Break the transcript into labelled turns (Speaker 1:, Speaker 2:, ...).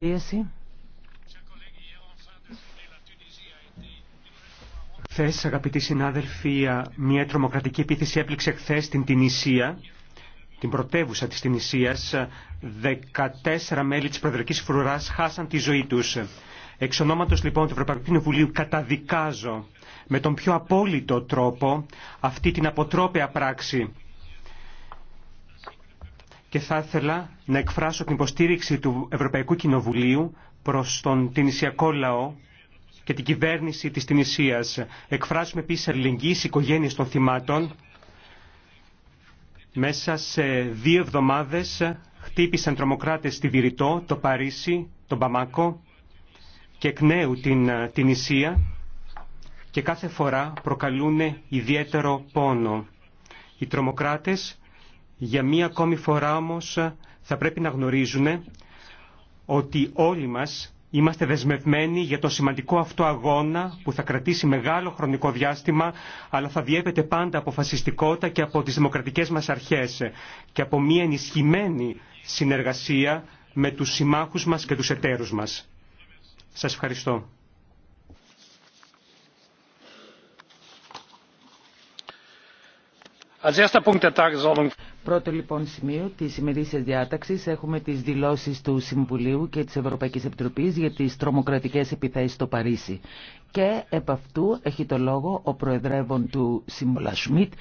Speaker 1: Πίεση.
Speaker 2: Χθε, αγαπητοί συνάδελφοι, μια τρομοκρατική επίθεση έπληξε χθε την Τινησία, την πρωτεύουσα της Τινησίας. 14 μέλη της Προεδρικής φρουρά χάσαν τη ζωή τους. Εξ λοιπόν του Ευρωπαϊκού Κοινοβουλίου καταδικάζω με τον πιο απόλυτο τρόπο αυτή την αποτρόπαια πράξη και θα ήθελα να εκφράσω την υποστήριξη του Ευρωπαϊκού Κοινοβουλίου προς τον τινησιακό λαό και την κυβέρνηση της Τινησίας. Εκφράζουμε επίσης αλληλεγγύη στις οικογένειες των θυμάτων. Μέσα σε δύο εβδομάδες χτύπησαν τρομοκράτες στη Βηρητό, το Παρίσι, τον Παμάκο και εκ νέου την ε, Τινησία και κάθε φορά προκαλούν ιδιαίτερο πόνο. Οι τρομοκράτες για μία ακόμη φορά όμως θα πρέπει να γνωρίζουν ότι όλοι μας Είμαστε δεσμευμένοι για το σημαντικό αυτό αγώνα που θα κρατήσει μεγάλο χρονικό διάστημα αλλά θα διέπεται πάντα από φασιστικότητα και από τις δημοκρατικές μας αρχές και από μια ενισχυμένη συνεργασία με τους συμμάχους μας και τους εταίρους μας. Σας ευχαριστώ.
Speaker 1: Πρώτο λοιπόν σημείο τη ημερήσια διάταξη έχουμε τι δηλώσει του Συμβουλίου και τη Ευρωπαϊκή Επιτροπής για τι τρομοκρατικέ επιθέσει στο Παρίσι. Και επ' αυτού έχει το λόγο ο Προεδρεύων του Συμβουλίου Σμιτ,